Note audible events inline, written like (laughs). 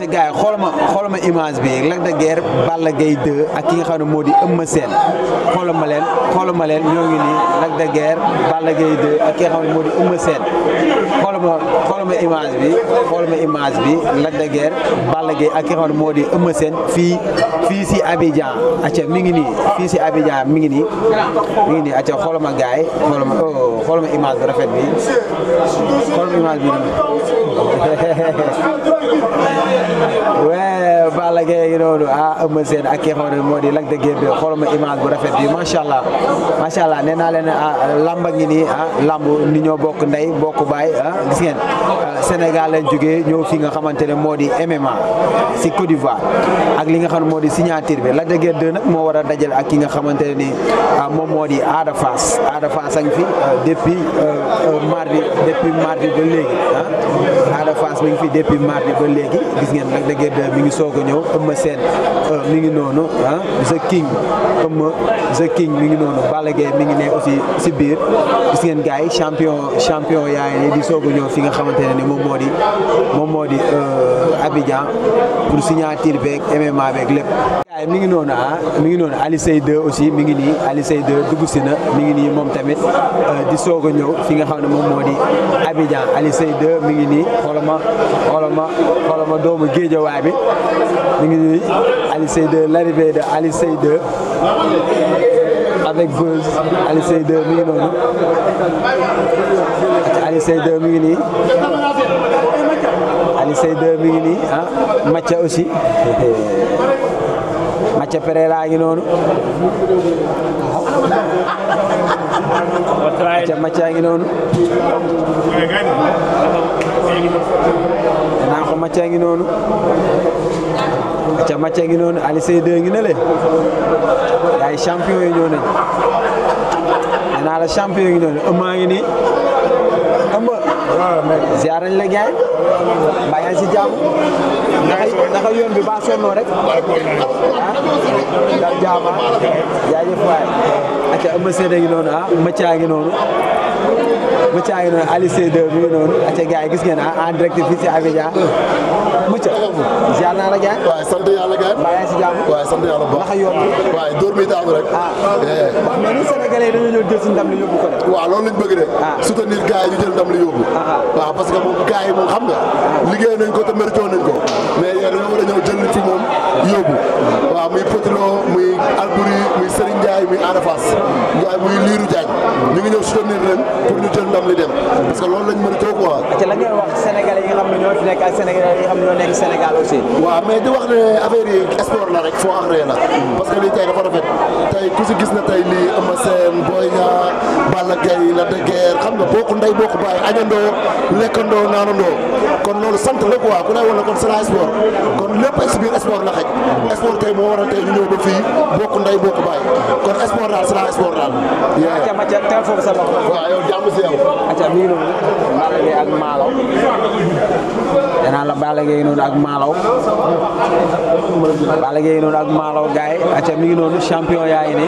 te gars ma xool ma image bi Lac de Guiers Balla Gaye 2 ak ki nga xam ne moo di Eumeu Sène xool ma leen xool ma leen ñoo ngi nii Lac de Guiers Balla Gaye 2 ak ki xam ne moo di Eumeu Sène xool ma xool image bi xool ma image bi Lac de Guiers Balla Gaye ak ki nga moo di Eumeu fii fii si Abidjan acca mi ngi nii fii si Abidjan mi ngi nii mi ngi nii acca xool ma gars yi xool oh, image bi rafet bi xool bi Balla Gaye ngi noonu ah, ak ki moo di Lac de Guiers 2 xooluma image bu rafet bi macha allah macha allah nee naa leen ah lamba ngi nii ah lamb ni ñoo bokk ndey bokk baay ah gis ngeen ah, Sénégal lañ jógee ñëw fi nga xamante ne moo di MMA si Côte d'Ivoire ak li nga xam ne moo di signature bi Lac de Guiers nag moo war a dajal ak ki nga xamante ne nii ah, moom moo di Ada Fass Ada Fass a fi euh, euh, depuis mardi depuis léegi de Fass mi ngi fi depuis mardi ba léegi gis ngeen nag da ngeen mi ngi soog a ñëw Eumeu Sène euh, mi ngi noonu ah The King Eumeu The King mi ngi noonu Balla Gaye mi ngi ne aussi si biir gis ngeen gars yi champion champion yaay yi di soog a ñëw fi nga xamante ne ni moom moo di moom moo di euh, Abidjan pour signature beeg MMA beeg lépp. waaye eh, mi ngi noonu ah mi ngi noonu Aliou Seye aussi mi ngi nii Aliou Seye 2 si na mi ngi nii moom tamit euh, di soog a ñëw fi nga xam ne moom moo di Abidjan Aliou Seye 2 mi ngi nii xoolal ma xoolal doomu géejawaay bi mu ngi nii Aliou Seye 2 l'arrivée de Aliou Seye avec Buzz Aliou Seye 2 mi ngi noonu Aliou nii Aliou mi ngi nii ah aussi. (laughs) Mathieu Pereira a ngi noonu Mathieu Mathieu a ngi noonu naa ko Mathieu a ngi noonu Mathieu Mathieu a ngi noonu Aliou la champion yi ziar nañ la gaay mbaa yaa ngi si jàmm yoon bi ba sonnoo rek ah daal jaama ah. jaajëf waay ak Eumeu a ngi noonu ah Mathia ngi noonu Mathia a ngi noonu Aliou Seydou mi ngi noonu ak gaay gis ngeen ah en direct fii naa la gaay waaw yaa ngi si jàmm yoon bi waaw dóor mi daanu rek ah mais ni waaw loolu lañ bëgg de ah. soutenir gars yi ñu jël ndam li yóbbu ah, ah. waaw parce que moom gars yi moom xam nga liggéey nañ ko te mérité nañ ko mais yéen dañoo war a ñëw jël li fi moom yóbbu waaw muy Potiloo muy Albouri muy Serigne Ndiaye muy Ada Fass Ndiaye muy Lirou Diagne ñu ngi ñëw soutenir leen pour ñu li dem parce que loolu lañ mérité quoi te la ngay wax sénégalais yi nga xam ne nekk ak sénégalais yi nga xam ne ñoo a Sénégal aussi waaw wax ne affaire yi sport la rek foo ak ree la parce que gis na tey lii ama seen booy ñaar Balla Gaye la dëggeer xam nga bokk ndey bokk baay añandoo lekkandoo naanandoo kon loolu sant la quoi ku lay wala kon c'est sport kon lépp si sport la xaj sport tey moo waral tey ñu ñëw ba fii bokk ndey bokk baay kon sport daal c'est sport daal. acca ma ca teel foofu sa bopp. waaw ak Malaw danaa la Balla ak Malaw gaay acca mi ngi noonu